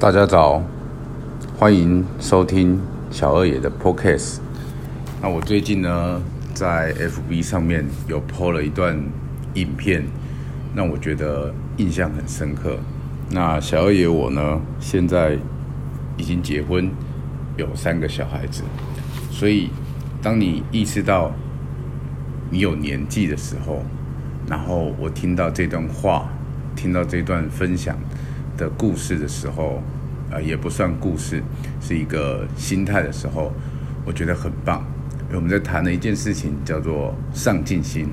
大家早，歡迎收聽小二爺的 Podcast。那我最近呢，在 FB 上面有 Po 了一段影片，讓我覺得印象很深刻。那小二爺我呢，現在已經結婚，有三個小孩子，所以當你意識到你有年紀的時候，然後我聽到這段話，聽到這段分享。的故事的時候，啊、呃，也不算故事，是一個心態的時候，我覺得很棒。我們在談了一件事情叫做上進心。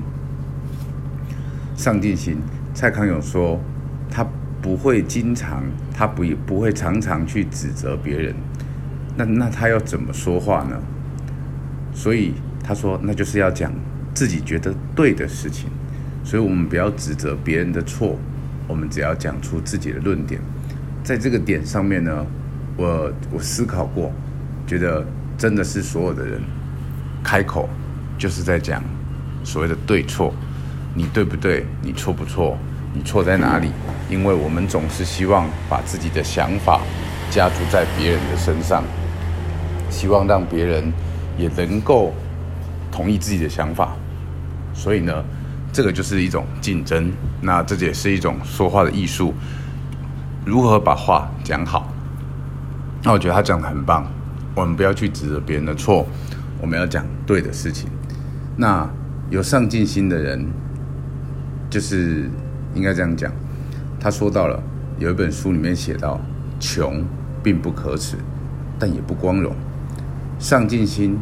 上進心，蔡康永說，他不會經常，他不不會常常去指責別人。那那他要怎麼說話呢？所以他說，那就是要講自己覺得對的事情。所以我們不要指責別人的錯。我們只要講出自己的論點，在這個點上面呢我，我我思考過，覺得真的是所有的人開口就是在講所謂的對錯，你對不對？你錯不錯？你錯在哪裡？因為我們總是希望把自己的想法加注在別人的身上，希望讓別人也能夠同意自己的想法，所以呢。這個就是一種競爭，那這也是一種說話的藝術，如何把話講好？那我覺得他講得很棒。我們不要去指責別人的錯，我們要講對的事情。那有上進心的人，就是應該這樣講。他說到了，有一本書裡面寫到：窮並不可恥，但也不光榮；上進心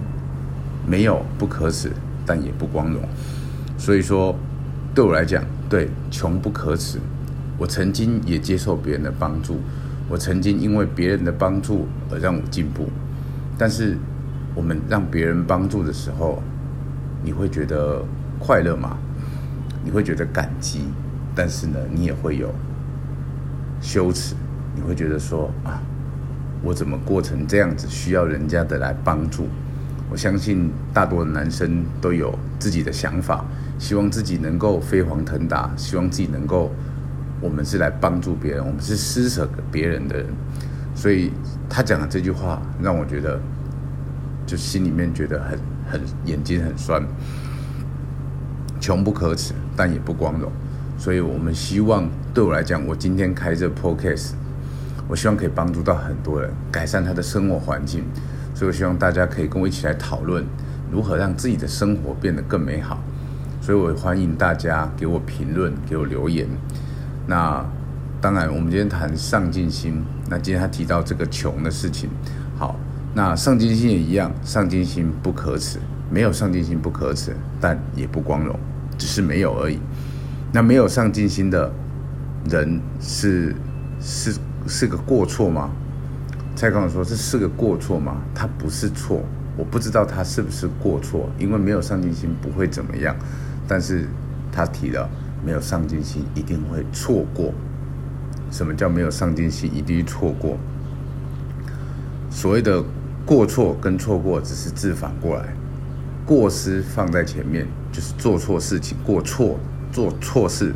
沒有不可恥，但也不光榮。所以說。對我來講，對，窮不可恥。我曾經也接受別人的幫助，我曾經因為別人的幫助而讓我進步。但是，我們讓別人幫助的時候，你會覺得快樂嗎？你會覺得感激？但是呢，你也會有羞恥。你會覺得說啊，我怎麼過成這樣子，需要人家的來幫助？我相信，大多的男生都有自己的想法。希望自己能夠飛黃騰達，希望自己能夠，我們是來幫助別人，我們是施舍給別人的人，所以他講的這句話讓我覺得，就心裡面覺得很很眼睛很酸。窮不可恥，但也不光榮。所以我們希望，對我來講，我今天開這個 podcast，我希望可以幫助到很多人，改善他的生活環境。所以我希望大家可以跟我一起來討論，如何讓自己的生活變得更美好。所以，我歡迎大家給我評論，給我留言。那當然，我們今天談上進心。那今天他提到這個窮的事情，好，那上進心也一樣，上進心不可恥，沒有上進心不可恥，但也不光榮，只是沒有而已。那沒有上進心的人是是是個過錯嗎？蔡康永說這是個過錯嗎？他不是錯，我不知道他是不是過錯，因為沒有上進心不會怎麼樣。但是，他提了沒有上進心一定會錯過。什麼叫沒有上進心一定會錯過？所謂的過錯跟錯過只是字反過來，過失放在前面就是做錯事情，過錯做錯事，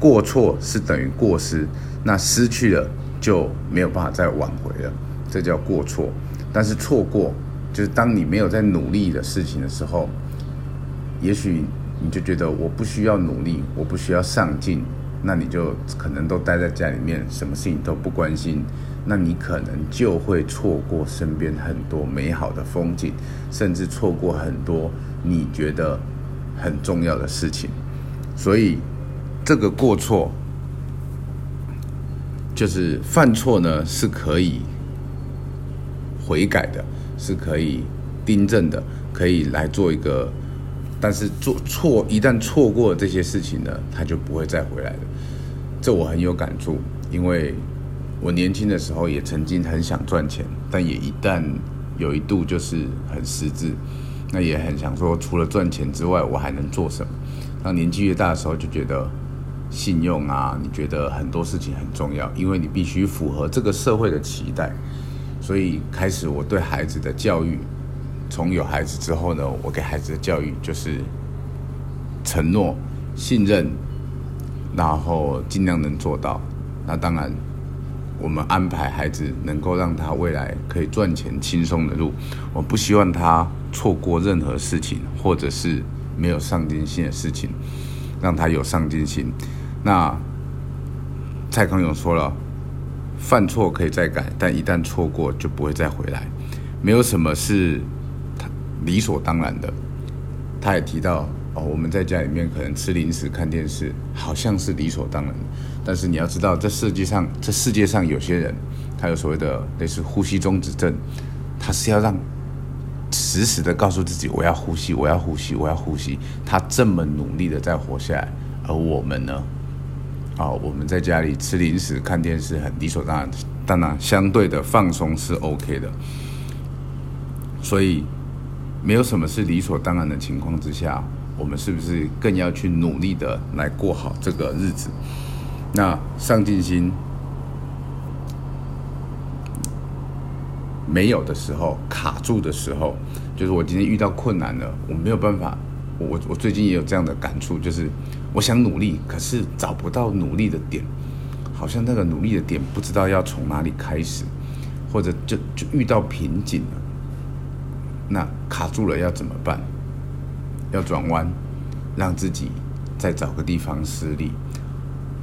過錯是等於過失，那失去了就沒有辦法再挽回了，這叫過錯。但是錯過就是當你沒有在努力的事情的時候，也許。你就覺得我不需要努力，我不需要上進，那你就可能都待在家裡面，什麼事情都不關心，那你可能就會錯過身邊很多美好的風景，甚至錯過很多你覺得很重要的事情。所以，這個過錯就是犯錯呢是可以悔改的，是可以訂正的，可以來做一個。但是做錯，一旦錯過這些事情呢，他就不會再回來了。這我很有感觸，因為，我年輕的時候也曾經很想賺錢，但也一旦有一度就是很失智，那也很想說，除了賺錢之外，我還能做什麼？當年紀越大的時候，就覺得信用啊，你覺得很多事情很重要，因為你必須符合這個社會的期待。所以開始我對孩子的教育。從有孩子之後呢，我給孩子的教育就是承諾、信任，然後盡量能做到。那當然，我們安排孩子能夠讓他未來可以賺錢輕鬆的路，我不希望他錯過任何事情或者是沒有上進心的事情，讓他有上進心。那蔡康永說了，犯錯可以再改，但一旦錯過就不會再回來，沒有什麼是。理所當然的，他也提到哦，我們在家裡面可能吃零食、看電視，好像是理所當然。但是你要知道，這世界上，這世界上有些人，他有所謂的類似呼吸中止症，他是要讓時時的告訴自己，我要呼吸，我要呼吸，我要呼吸。他這麼努力的在活下來，而我們呢？哦，我們在家裡吃零食、看電視，很理所當然。當然，相對的放鬆是 OK 的。所以。沒有什麼是理所當然的情況之下，我們是不是更要去努力的來過好這個日子？那上進心沒有的時候，卡住的時候，就是我今天遇到困難了，我沒有辦法。我我最近也有這樣的感觸，就是我想努力，可是找不到努力的點，好像那個努力的點不知道要從哪裡開始，或者就就遇到瓶頸了。那卡住了要怎麼辦？要轉彎，讓自己再找個地方施力，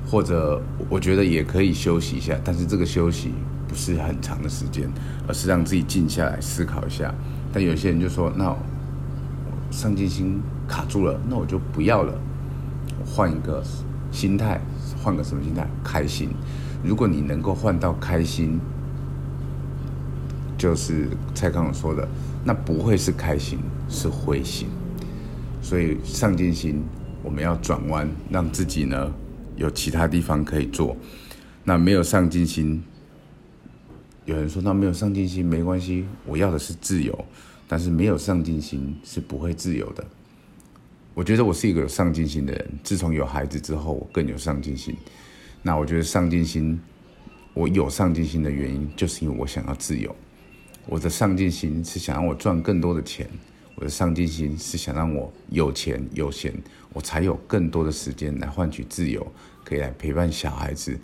或者我覺得也可以休息一下。但是這個休息不是很長的時間，而是讓自己靜下來思考一下。但有些人就說：“那我上進心卡住了，那我就不要了，換一個心態，換個什麼心態？開心。如果你能夠換到開心，就是蔡康永說的。”那不會是開心，是灰心，所以上進心，我們要轉彎，讓自己呢有其他地方可以做。那沒有上進心，有人說那沒有上進心沒關係，我要的是自由，但是沒有上進心是不會自由的。我覺得我是一個有上進心的人，自從有孩子之後，我更有上進心。那我覺得上進心，我有上進心的原因，就是因為我想要自由。我的上進心是想讓我賺更多的錢，我的上進心是想讓我有錢有閒，我才有更多的時間來換取自由，可以來陪伴小孩子。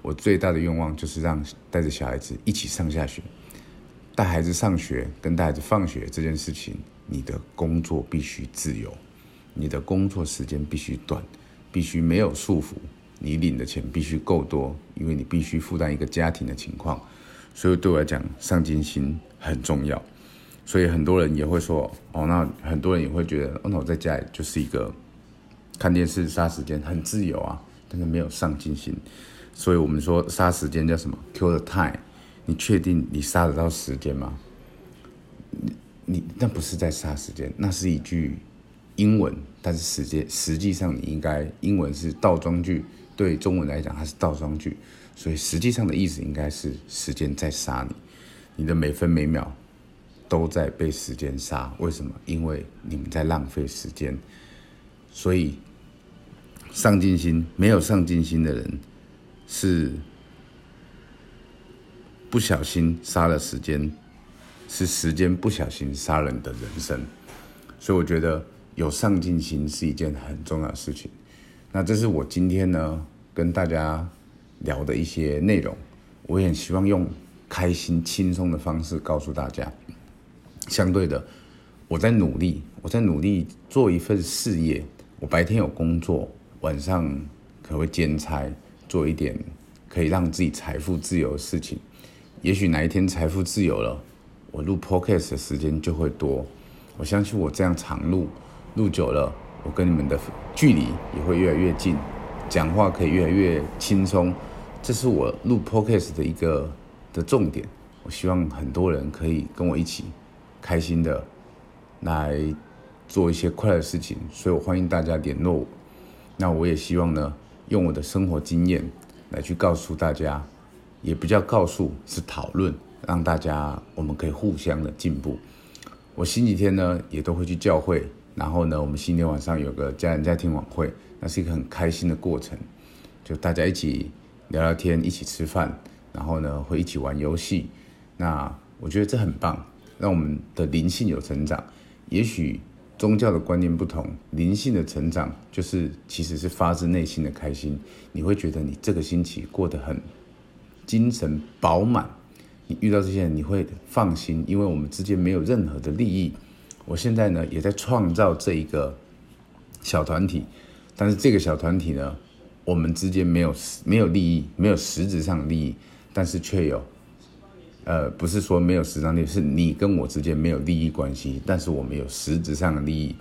我最大的願望就是讓帶着小孩子一起上下學，帶孩子上學跟帶孩子放學這件事情，你的工作必須自由，你的工作時間必須短，必須沒有束縛，你領的錢必須夠多，因為你必須負擔一個家庭的情況。所以對我來講，上進心很重要。所以很多人也會說，哦，那很多人也會覺得，哦，那我在家裡就是一個看電視殺時間，很自由啊，但是沒有上進心。所以我們說殺時間叫什麼？Kill the time。你確定你殺得到時間嗎？你你那不是在殺時間，那是一句英文，但是實際實際上你應該英文是倒裝句，對中文來講還是倒裝句。所以，實際上的意思應該是：時間在殺你，你的每分每秒都在被時間殺。為什麼？因為你們在浪費時間。所以，上進心沒有上進心的人，是不小心殺了時間，是時間不小心殺了你的人生。所以，我覺得有上進心是一件很重要的事情。那這是我今天呢跟大家，聊的一些內容，我也希望用開心、輕鬆的方式告訴大家。相對的，我在努力，我在努力做一份事業。我白天有工作，晚上可會兼差，做一點可以讓自己財富自由的事情。也許哪一天財富自由了，我錄 Podcast 的時間就會多。我相信我這樣常錄，錄久了，我跟你們的距離也會越來越近。講話可以越來越輕鬆，這是我錄 podcast 的一個的重點。我希望很多人可以跟我一起開心的來做一些快樂的事情，所以我歡迎大家聯絡我。那我也希望呢，用我的生活經驗來去告訴大家，也不叫告訴，是討論，讓大家我們可以互相的進步。我星期天呢也都會去教會，然後呢，我們星期天晚上有個家人家庭晚會。那是一個很開心的過程，就大家一起聊聊天，一起吃飯，然後呢會一起玩遊戲。那我覺得這很棒，讓我們的靈性有成長。也許宗教的觀念不同，靈性的成長就是其實是發自內心的開心。你會覺得你這個星期過得很精神飽滿，你遇到這些人你會放心，因為我們之間沒有任何的利益。我現在呢也在創造這一個小團體。但是這個小團體呢，我們之間沒有沒有利益，沒有實質上的利益，但是卻有，呃，不是說沒有實質上的利益，是你跟我之間沒有利益關係，但是我們有實質上的利益，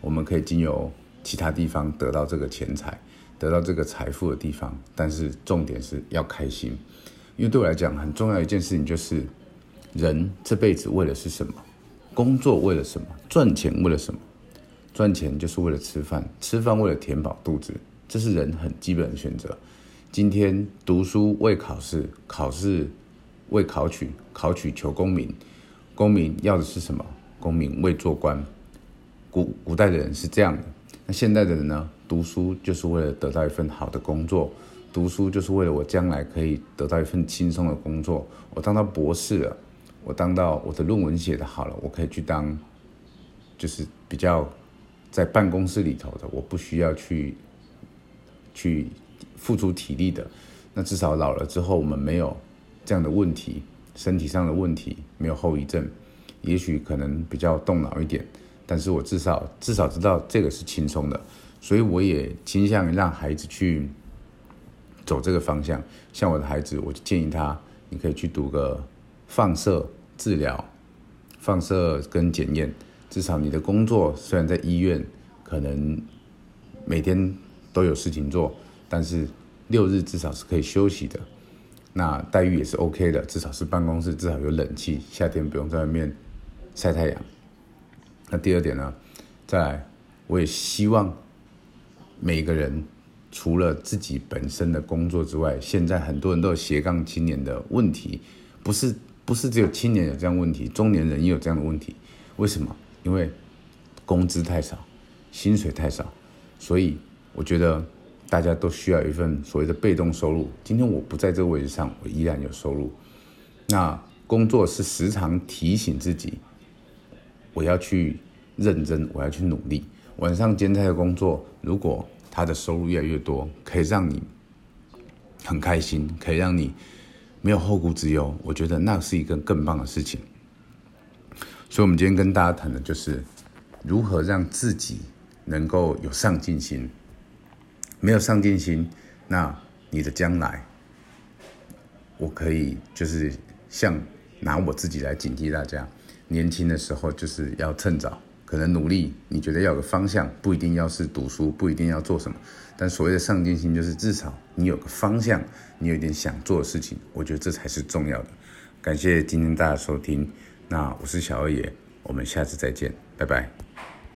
我們可以經由其他地方得到這個錢財，得到這個財富的地方。但是重點是要開心，因為對我來講很重要一件事情就是，人這輩子為了是什麼？工作為了什麼？賺錢為了什麼？賺錢就是為了吃飯，吃飯為了填飽肚子，這是人很基本的選擇。今天讀書為考試，考試為考取，考取求功名，功名要的是什麼？功名為做官。古古代的人是這樣的。那現代的人呢？讀書就是為了得到一份好的工作，讀書就是為了我將來可以得到一份輕鬆的工作。我當到博士了，我當到我的論文寫得好了，我可以去當，就是比較。在辦公室裡頭的，我不需要去，去付出體力的。那至少老了之後，我們沒有這樣的問題，身體上的問題沒有後遺症。也許可能比較動腦一點，但是我至少至少知道這個是輕鬆的，所以我也傾向於讓孩子去走這個方向。像我的孩子，我就建議他，你可以去讀個放射治療、放射跟檢驗。至少你的工作雖然在醫院，可能每天都有事情做，但是六日至少是可以休息的。那待遇也是 OK 的，至少是辦公室，至少有冷氣，夏天不用在外面曬太陽。那第二點呢？再來，我也希望每個人除了自己本身的工作之外，現在很多人都有斜槓青年的問題，不是不是，只有青年有這樣問題，中年人也有這樣的問題，為什麼？因為工資太少，薪水太少，所以我覺得大家都需要一份所謂的被動收入。今天我不在這個位置上，我依然有收入。那工作是時常提醒自己，我要去認真，我要去努力。晚上兼差的工作，如果他的收入越來越多，可以讓你很開心，可以讓你沒有後顧之憂。我覺得那是一個更棒的事情。所以，我們今天跟大家談的就是如何讓自己能夠有上進心。沒有上進心，那你的將來，我可以就是像拿我自己來警惕大家：年輕的時候就是要趁早，可能努力，你覺得要有個方向，不一定要是讀書，不一定要做什麼。但所謂的上進心，就是至少你有個方向，你有一點想做的事情，我覺得這才是重要的。感謝今天大家收聽。那我是小二爺，我們下次再見，拜拜。